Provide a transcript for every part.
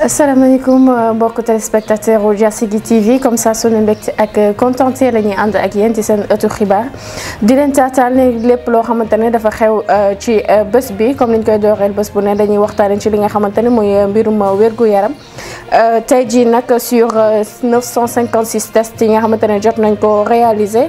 السلام عليكم بوك تيليسبكتاتور جيرسي دي تي في كوم سا سوني بك اك كونتونتي لاني اند اك يان تي سن اوتو خبار دي لين تاتال ني ليب لو خامتاني دا فا خيو تي بس بي كوم ني كاي دوغ البس بو ني داني وقتان تي ليغا خامتاني موي ميرو ويرغو يارام تاي جي سور 956 تيست ني خامتاني جاب نانكو رياليزي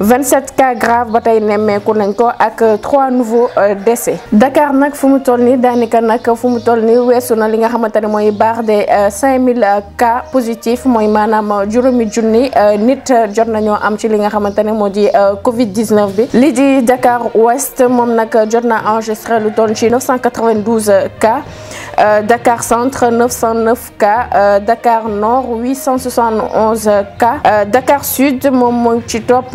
27 cas graves batay tey nemmeeku nañ ko ak 3 nouveaux euh, décès Dakar nak que tolni danika nak n'a tolni fu na li nga xamante moy des 5000 euh, euh, cas positifs moy manam juromi junni nit jot nañoo am ci li nga xamante modi Covid 19 bi. li di Dakar Ouest mom nak jot na enregistré lu toll 992 cas Dakar Centre 909 cas Dakar Nord 871 cas Dakar Sud mon moo ci top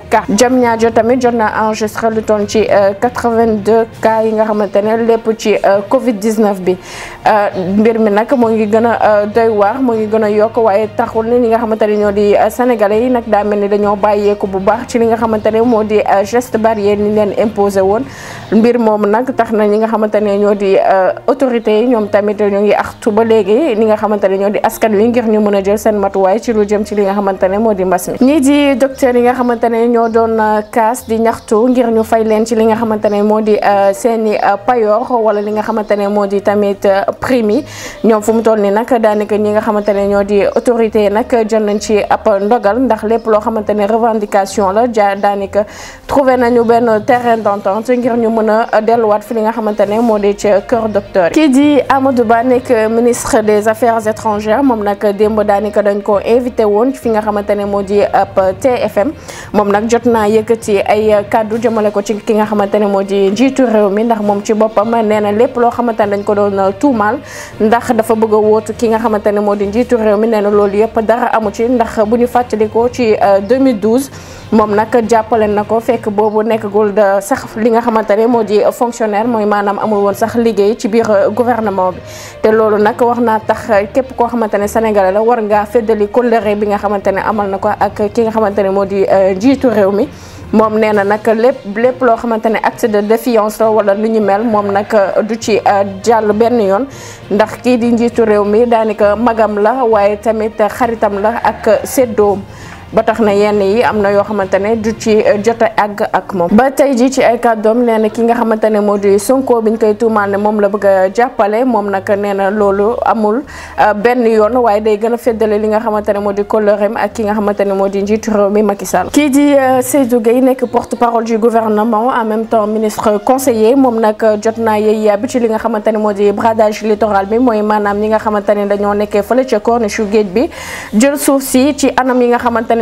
cas Diamniadio tamit jot naa enregistré lu toll ci 82 euh, cas yi nga xamante ne lépp ci euh, Covid 19 bi euh, mbir mi nag moo ngi gën a doy waar moo ngi gën a yokk waaye taxul ni nga xamante ne ñoo di sénégalais yi nag daa mel ni dañoo bàyyeeku bu baax ci li nga xamante ne moo di geste barrière ni leen imposé woon mbir moom nag tax na ñi nga xamante ne ñoo di autorités yi ñoom tamit ñu ngi axtu ba léegi ni nga xamante ne ñoo di askan wi ngir ñu mën a jël seen matuwaay ci lu jëm ci li nga xamante ne moo di mbas ñoo doon euh, kaas di ñaxtu ngir ñu fay leen ci li nga xamante ne moo di euh, seeni euh, payoor wala li nga xamante ne moo di tamit prime yi fu mu toll nii nag daanaka ñi nga xamante ñoo di autorité nag jël nañ ci ab ndogal ndax lépp loo xamante revendication la ja trouver trouvé nañu benn terrain d'entente ngir ñu mën a delluwaat fi nga xamante ne ci kër docteur yi. kii di Amadou Ba nekk ministre des affaires étrangères moom nag démb daanaka dañ ko invité woon fi nga xamante ne moo TFM moom nag jot naa ci ay kàddu jëmale ko ci ki nga xamante ne moo di njiitu réew mi ndax moom ci boppam nee na lépp loo xamante ne dañ ko doon tuumaal ndax dafa bëgg a wootu ki nga xamante ne moo di njiitu réew mi nee na loolu yëpp dara amu ci ndax bu ñu fàttali fàttalikoo ci 2012 euh, moom nag jàppale na ko fekk boobu nekkagul sax li nga xamante ne moo di fonctionnaire mooy maanaam amul woon sax liggéey ci biir gouvernement bi te loolu nag wax naa tax képp koo xamante ne sénégalais la war ngaa feddali kóllëre bi nga xamante ne amal na ko ak ki nga xamante ne moo di euh, njiitu réew mi moom nee na nag lépp lépp loo xamante ne acte de défiance la wala lu ñu mel moom nag euh, du ci euh, jàll benn yoon ndax kii di njiitu réew mi daanaka magam la waaye tamit xaritam la ak séddoom ba tax na yenn yi am na yoo xamante ne du ci euh, jot a àgg ak moom ba tey ji ci ay kàddoom nee na ki nga xamante ne moo di Sonko biñ koy tuumaal ne moom la bëgg a jàppale moom nag nee na loolu amul euh, benn yoon waaye day gën a feddale li nga xamante ne moo di kóllëreem ak ki nga xamante ne moo di njiitu réew mi Macky Sall kii di euh, Seydou Gueye nekk porte-parole du gouvernement en même temps ministre conseiller moom nag jot naa yéey yàbbi ci li nga xamante ne moo di bradage littoral bi mooy maanaam ñi nga xamante ne dañoo nekkee fële ca corniche géej bi jël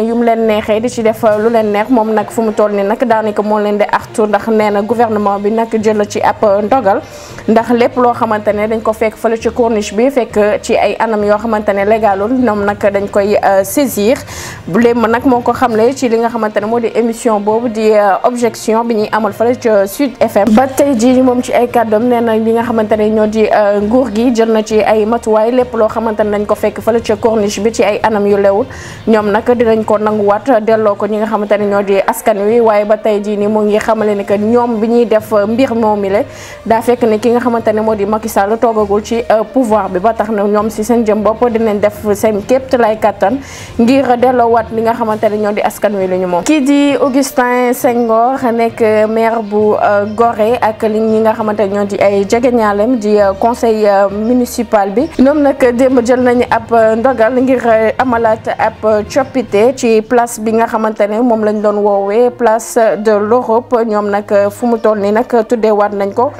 yoon yum mu leen neexee di ci def lu leen nex mom nak fumu mu toll ni nag daanaka moo leen di artu ndax nee gouvernement bi nak jël ci app ndogal ndax lépp lo xamantene dañ ko fekk fële ci corniche bi fekk ci ay anam yo xamantene légalul ñom nak dañ koy saisir bu léem nag moo xamle ci li nga xamantene modi émission bobu di objection bi ñi amal fële ci Sud FM ba tay ji mom ci ay kàddoom nee li nga xamantene ne ñoo di nguur gi jël na ci ay matuway lépp lo xamantene dañ ko fekk fële ci corniche bi ci ay anam yu lewul ñom nak dinañ ko nanguwaat delloo ko ñi nga xamante ne ñoo di askan wi waaye ba tey jii ni mu ngi xamale ne que ñoom bi ñuy def euh, mbir moom mi la daa fekk ne ki nga xamante ne moo di Macky Sall toogagul ci euh, pouvoir bi ba tax na ñoom si seen jëm bopp dinañ def seen képp lay kattan ngir delloowaat li nga xamante ne ñoo di askan wi la ñu moom. kii di Augustin Senghor nekk maire bu euh, Gorée ak li ñi nga xamante ne ñoo di ay jegeñaalem di conseil municipal bi ñoom nag démb jël nañu ab ndogal ngir amalaat ab coppite. ci place bi nga xamante mom lañ doon wowe place euh, de l'Europe ñom nak euh, fu mu toll nak tuddé wat nañ ko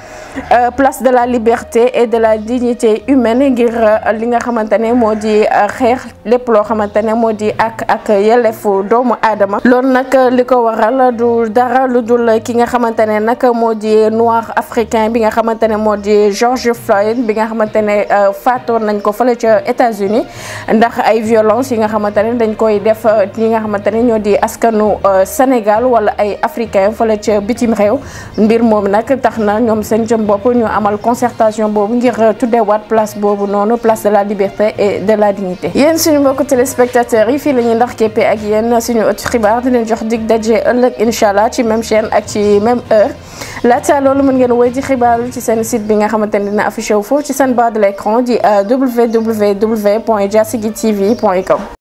euh, place de la liberté et de la dignité humaine ngir li nga xamante modi xex lepp lo lépp modi ak ak yelefu doomu adama lool nak liko waral du dara lu dul ki nga xamante nak modi noir africain bi nga xamante modi George Floyd bi nga xamante ne nañ ko ci États-Unis ndax ay violence yi nga xamante dañ koy def ñi nga xamante ñoo di askanu euh, Sénégal wala ay africain fële ca bitim réew mbir moom nag tax na seen jëm bopp ñu amal concertation boobu ngir euh, tuddeewaat place boobu noonu place de la liberté et de la dignité. yéen suñu mbokk téléspectateurs yi fi la ñuy ndax képpee ak yéen suñu ëtt xibaar di leen jox dig daje ëlëk inshallah ci même chaîne ak ci même heure laata loolu mën ngeen woy di xibaar ci seen site bi nga xamanteni ne dina affiché wu foofu ci seen bas de l'écran di euh, www.diassigui